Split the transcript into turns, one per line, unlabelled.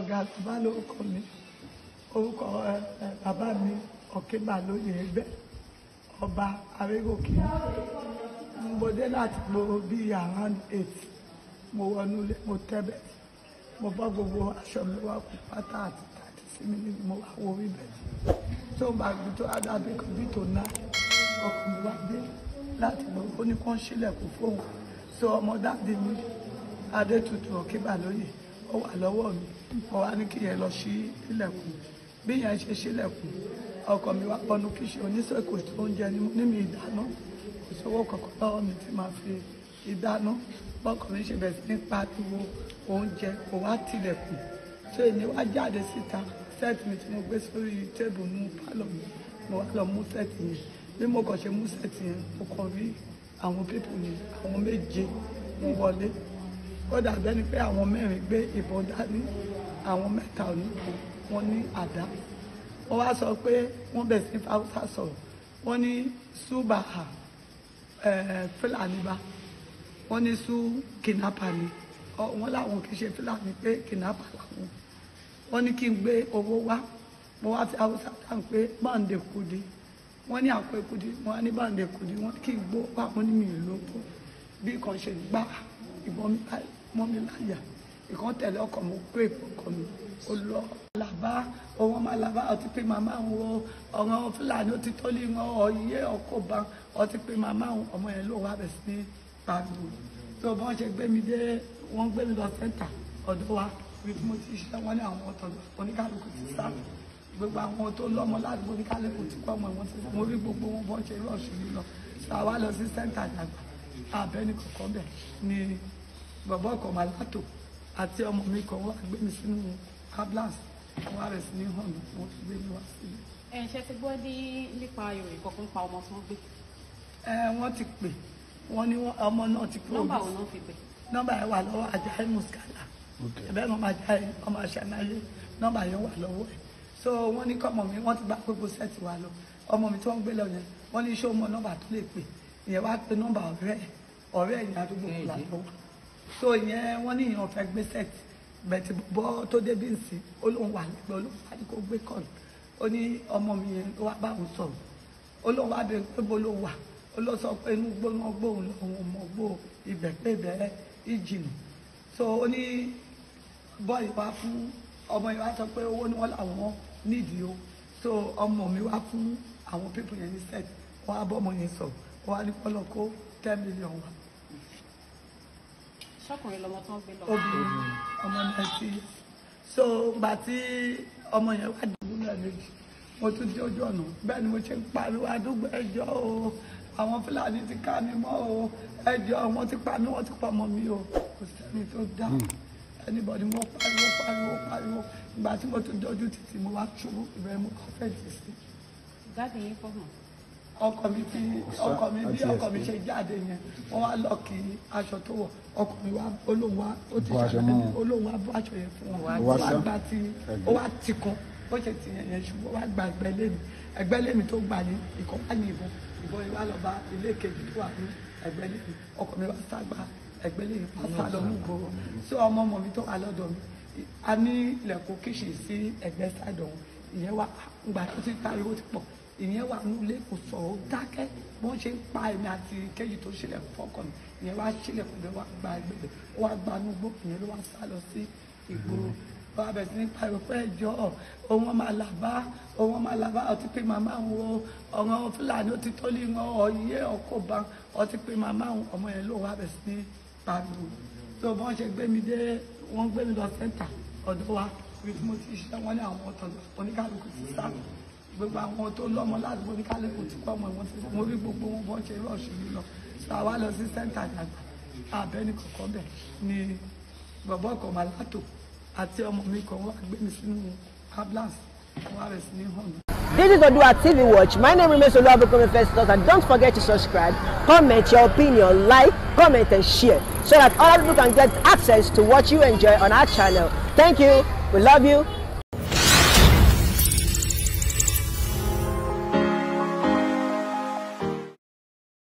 ọ̀gá bàbá lórúkọ mi orúkọ bàbá mi ọ̀kébà lóye ẹgbẹ́ ọba arégòkè mo bọ́dé láti gbòòrò bíi around eight mo wọnú ilé mo tẹ́bẹ̀ mo bọ́ gbogbo aṣọ mi wá kú pátá àti tàbí sí mi ní mo wá wo ibẹ̀ tó bá gbé tó adábí kan bí tó ná ọkùnrin wá dé láti gbòòrò ó ní kó ń ṣílẹ̀kùn fóun so ọmọ dáàbì mi adétutù ọ̀kébà lóye ó wà lọ́wọ́ mi mo wá ní kí yẹn lọ ṣí ilẹ̀kùn bí yẹn ṣe ṣílẹ̀kùn ọkọ mi wá pọnú kí ṣe oníṣègùn tó oúnjẹ ní mi ìdáná kò sówó kankan lọ́wọ́ mi tí màá fi ìdáná bọ́kùnrin ṣe bẹ̀rẹ̀ sí pariwo oúnjẹ kò wá tilẹ̀kùn tó èmi wá jáde síta sẹ́ẹ̀tì mi tí mo gbé sórí tébù nù pálọ̀ mi mo wá lọ mú sẹ́ẹ̀tì yẹn bí mo kàn ṣe mú sẹ́ẹ̀tì yẹn mo kàn rí àwọn pípù yẹn àwọn méje wọlé ó dàbẹ́ ni pé àwọn mẹ́rin gbé ìbọn dání àwọn mẹ́ta ò ní ìbọn wọn ní àdá wọ́n wá sọ pé wọ́n bẹ̀rẹ̀ sí fáwọ́sà sọ̀rọ̀ wọ́n ní ṣùbàhà fúlàní bá wọ́n ní ṣú kìnnápà ni wọ́n láwọn kì í ṣe fúlàní pé kìnnápà làwọn wọ́n ní kí n gbé owó wá mo wá fi haúsá tà pé báǹdè kudi wọ́n ní àpò ekudi wọ́n ní báǹdè kudi wọ́n kì í gbó wá wọ́n ní mi ìlú bí kan ṣe gbá ìbọn mi báyìí mọ́ mi máa yà ìkan tẹ̀lé ọkọ̀ mo pé ọkọ̀ mi ó lọ. làbá òun ọmọ làbá ọtí pé màmá òun ọ̀ràn fúlàní ó ti tó lé wọn ọ̀yẹ́ ọkọ̀ bá ọtí pé màmá òun ọmọ yẹn ló wà bẹ̀ sí pariwo. tó bá wọn ṣe gbé mi dé wọn gbé mi lọ sẹ́ńtà ọ̀dọ́ wa ibi tí mo ti ṣiṣẹ́ wọn ní àwọn ọ̀tọ̀ oníkálukú ti sá gbogbo àwọn tó lọ́mọ ládùúgbò oníkálukú ti kọ́ ọmọ wọn ti mo rí gbogbo wọn bọ́ ṣe rọ̀ṣù mi lọ sàwa lọ sí sẹ́ńtà dàgbà àbẹ́ni kọ̀ọ̀kan bẹ̀ ni bàbá ọkọ̀ màlátò àti ọmọ mi kan wá gbé mi sínú ambulance wọ́n rẹ̀ sí ní hàn wọ́n ti gbé mi wá sílé. ẹ ṣe ti gbọ́ ní nípa ìròyìn kankan pa ọmọ tí wọ́n gbé. ẹ wọ́n ti pè wọ́n ní ọmọ náà ti kúrò. nọ́mbà wo ló fi pè. nọ́mbà yẹn wà lọ́wọ́ Ajayi Muskala ẹ̀bẹ̀ ọmọ Ajayi ọmọ aṣánáyé nọ́mbà yẹn wà lọ́wọ́ ẹ̀ so wọ́n ní kọ́mọ mi wọ́n ti bá gbogbo sẹ́ẹ̀tì wa lọ ọmọ mi tí wọ́n gbé lọ yẹn wọ́n ní ṣé ó nọ́mbà tó lè pè ìyẹn wá pe nọ́mbà ọ̀rẹ́ ọ̀rẹ́ ìyẹn àdúgbò kù làlọ́wọ́ so ìyẹn wọ́n ní ìyẹn ọ̀fẹ́ gbé set bẹ̀tì bọ́ tó débi nsì ó lóun wà lẹ́gbẹ̀ẹ́ olóhùn wá ní kó gbé kọ́ọ̀lù ó ní ọmọ mi yẹn ló wá bá òun sọ̀rọ̀ olóhùn wá bẹ pé bó wà ó pé inú gbóná gbóhùn lòun mọ̀ gbó ibẹ̀ pé ibẹ̀ ìjìnà so ó ní bọ́ọ̀lù wá fún ọmọ yẹn wá sọ pé owó ni wọ́n làwọn nídìí o so ọmọ mi wá fún àwọn pípọ̀ yẹn ní set wọ́n á bọ́ ọmọ yẹn sọ̀rọ̀ wọ́n á ní kọ́lọ́ kó ten million wá ṣọkùnrin lọmọ tó ń gbé lọ. obìnrin ọmọ náà ti so gbà tí ọmọ yẹn wà dùn lúlẹ̀ méjì mo tún dé ojú ọ̀nà bẹ́ẹ̀ ni mo ṣe ń pariwo àdúgbò ẹjọ́ o àwọn fúlàní ti ká mi mọ́ o ẹjọ́ wọn ti pa mí wọ́n ti pa ọmọ mi o kò sẹ́ni tó dá hmm. anybody mo pariwo pariwo pariwo ìgbà tí mo tún dé ojú títì mo wá ṣubú ìbẹ̀rẹ̀ mo kọ́ fẹ́ǹsì sí. gáàdì yín fọ́nà ọkọ mi ti ọkọ mi bí ọkọ mi ṣe jáde yẹn wọn wá lọ kí aṣọ tó wọ ọkọ mi wá olóhùn wá ó ti ṣàlàyé olóhùn wá bó aṣọ yẹn fún wọn wá gbá tí ó wá ti kan bó ṣe ti yẹn yẹn ṣùgbọ́n wá gba ẹgbẹ́ lẹ́mi ẹgbẹ́ lẹ́mi tó gbà ní ìkọ́ wá ní ìbọn ìbọn yìí wá lọ bá ilé kejì tó wà ní ẹgbẹ́ lẹ́mi ọkọ mi wá ságbá ẹgbẹ́ lẹ́mi wá sá lọ ní ìgboro sí ọmọ ọmọ mi tó wà lọ́dọ̀ mi a ní ilẹ̀kùn kíṣì sí ẹgbẹ́ sáàdọ̀ ìyẹn wá gbà tó ti ta ariwo ti pọ̀ ìyẹn wà nínú ilé kò sọ ó dákẹ́ wọ́n ṣe ń pa èmi àti kéyì tó ṣílẹ̀ fọ́kàn mi ìyẹn wá ṣílẹ̀ kò bẹ́ẹ̀ wá gba ẹgbẹ́ ó wá gba inú gbó ìyẹn ló wá sá lọ sí ìgboro wọ́n abẹ̀ sí ní pariwo pé ẹjọ́ òun ọmọ àlàbá òun ọmọ àlàbá ọtí pé màmá wo ọ̀ràn fúlàní ó ti tó lé wọn ọ̀yẹ́ ọkọ̀ bá ọtí pé màmá ọmọ yẹn ló wà abẹ̀ sí ní pariwo tó wọ́n ṣe gbé mi dé wọ́n gbé mi lọ sẹ́ńtà ọ̀dọ́ wa ibi tí mo ti ṣiṣẹ́ wọn ní àwọn ọ̀tọ̀ oníkàlùkù ti sá gbogbo àwọn tó lọ́mọ ládùúgbò ní kálẹ̀kùn tí pọ̀ mọ́ wọn ti mo rí gbogbo wọn bọ́ ṣe rọ́ọ̀ṣù mi lọ sọ àwa lọ sí sẹ́ńtà dàgbà abẹ́ni kọ̀ọ̀kan bẹ̀ ni bọ̀bọ̀ kan màlátò àti ọmọ mi kan wà gbé mi sínú ambulance wọn rẹ̀ sí ní hàn. This is Odua TV Watch. My name remains Oluwabukunmi Festus and don't forget to subscribe, comment your opinion, like, comment and share so that other people can get access to what you enjoy on our channel. Thank you. We love you.